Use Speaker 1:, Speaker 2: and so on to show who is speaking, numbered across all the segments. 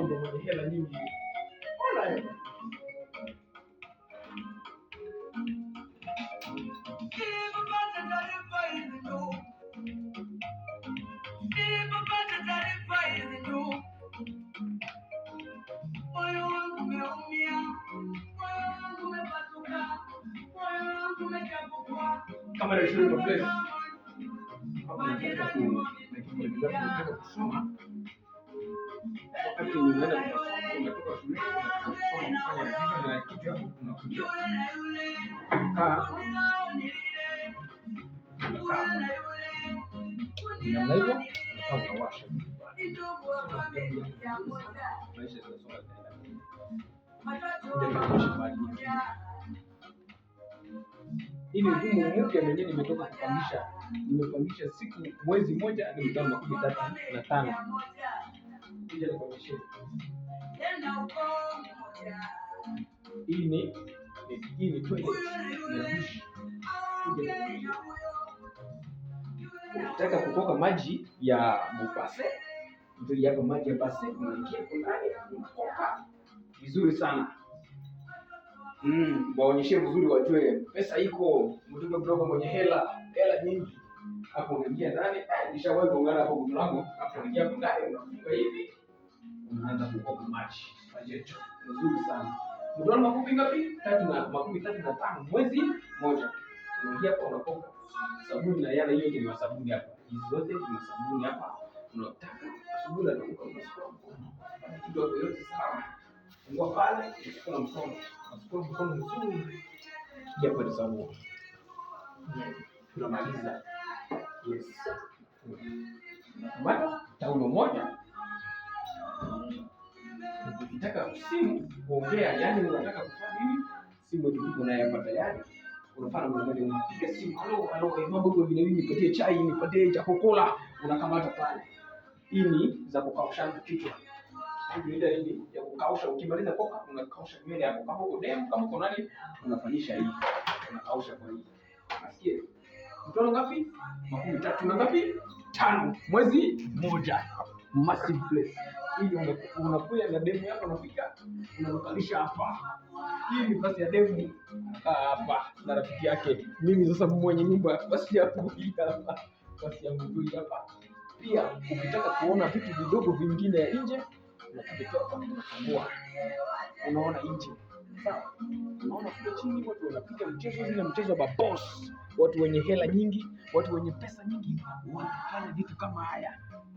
Speaker 1: mdogo mwenye hela nyingi.
Speaker 2: Moyo wangu umeumia, moyo wangu umepasuka, moyo wangu umechafuka.
Speaker 1: Kama ni shule kwa place. Hapo nataka kusoma. Hii ni mfumo mpya mwenyewe nimetoka kupangisha, nimepangisha siku mwezi moja hadi mtambo kumi tatu na tano. Tena uko mmoja. Hii maji ya mupase ndio hapa maji ya base vizuri sana mm, waonyeshe vizuri, wajue pesa iko mtoto mdogo mwenye hela hela nyingi hapo, unaingia ndani. Eh, nishawahi kuungana hapo mlango hapo, unaingia ndani hivi unaanza kukopa machi majeto nzuri sana mtano makumi ngapi tatu na makumi tatu na tano mwezi moja unaingia hapa unakopa sabuni na yale yote ni masabuni hapa hizi zote ni masabuni hapa unataka asubuhi na kukopa mkono kitu yote sawa fungua pale kuna mkono unachukua mkono mzuri kija kwa sabuni tunamaliza yes Bado taulo moja Ukitaka simu kuongea, yani unataka kufanya nini? Simu tuko nayo hapa tayari. Unafanya mwanadamu unapiga simu, halo halo, eh, mambo kwa vile hivi, nipatie chai, nipatie cha unakamata pale. Hii ni za kukausha kichwa. ndio ile ya kukausha, ukimaliza koka unakausha nywele yako kama uko dem, kama uko nani, unafanyisha hivi. Unakausha kwa hivi. Nasikia. Mtoto ngapi? Makumi tatu na ngapi? Tano. Mwezi moja. Massive place ili unakuya na demu yako unafika unalokalisha hapa. Hii ni basi ya demu hapa na rafiki yake. Mimi sasa mwenye nyumba basi ya yangu hapa, basi ya yangu hapa. Pia ukitaka kuona vitu vidogo vingine ya nje unakujitoa, unaona nje sawa, unaona kule chini watu wanapiga mchezo, zile mchezo wa boss, watu wenye hela nyingi, watu wenye pesa nyingi wanafanya vitu kama haya.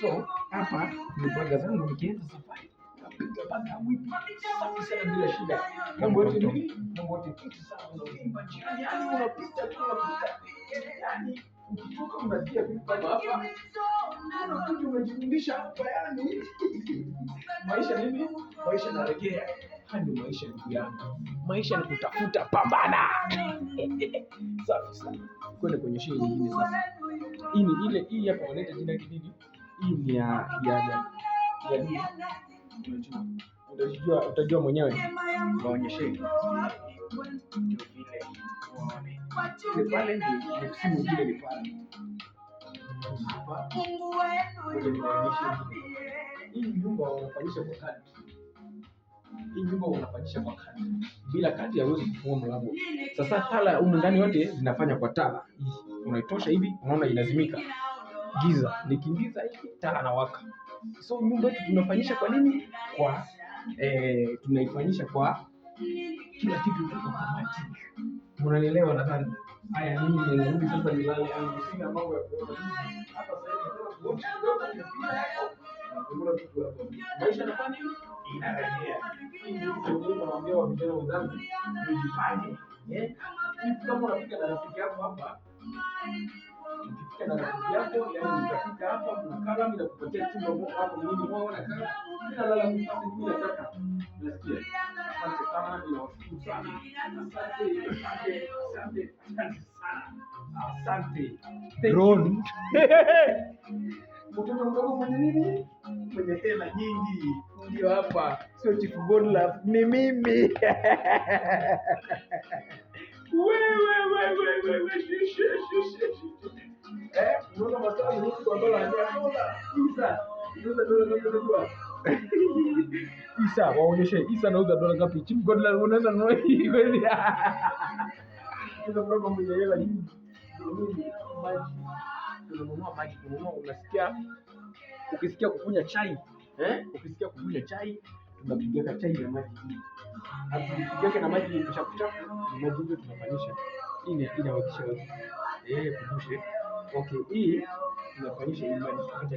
Speaker 1: So hapa nipaga zangu, nikienda safari bila shida. ni kitu sana, yani unapita tu unapita yani ukitoka hapa kitu umejifundisha hapa, yani maisha nini? Maisha narejea hani maisha ndugu yangu, maisha ni kutafuta, pambana. Safi sana, kwenda kwenye shii nyingine. Sasa hii ni ile hii hapa, wanaita jina yake ini ya ya utajua utajua mwenyewe waonyeshe pale ni ni pale hii nyumba unafanyisha kwa kati hii nyumba unafanyisha kwa kati bila kati hauwezi kufungua mlango sasa tala humu ndani yote zinafanya kwa tala unaitosha hivi unaona inazimika giza, nikiingiza hivi taa inawaka. So nyumba yetu tunafanyisha kwa nini? Kwa eh, tunaifanyisha kwa kila kitu automatic. Unanielewa? Nadhani haya, mimi nirudi sasa nilale, au sina mambo ya Maisha inarejea. vijana wenzangu, eh? kama unafika na rafiki yako hapa yake na rafiki yako, yaani hapa, kuna kalamu inakupatia chumba ambapo hapo mimi mwa wana kalamu bila lala mfasi bila taka. Nasikia. Asante sana, ninawashukuru sana. Asante, asante, asante, sana. Asante. Drone. Mtoto mdogo mwenye nini? Mwenye hela nyingi. Ndio hapa, sio Chief Godlove, ni mimi. Wewe wewe wewe wewe. eh, unaona maswali huku kwa dola ya Isa. Isa dola ngapi unajua? Isa, waonyeshe Isa anauza dola ngapi? Chief Godler unaweza nunua hii kweli? Sasa kwa mambo ya hela nyingi. Maji. Tunanunua maji, tunanunua unasikia ukisikia kukunywa chai, eh? Ukisikia kukunywa chai, tunapigaka chai ya maji hii. Hatupigaka na maji yenye chafu chafu, maji hiyo tunafanyisha. Hii inawakisha watu. Eh, kudushe. Okay, hii inafanyisha yaani sana,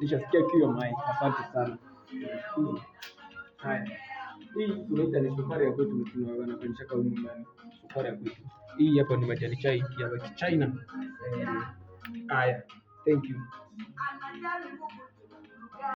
Speaker 1: nishasikia kiu ya Asante sana. Haya. Hii tunaita ni sukari ya kwetu, tunafanyisha kwa nyumbani. Sukari ya kwetu. Hii hapa ni majani chai ya China. Haya. Thank you.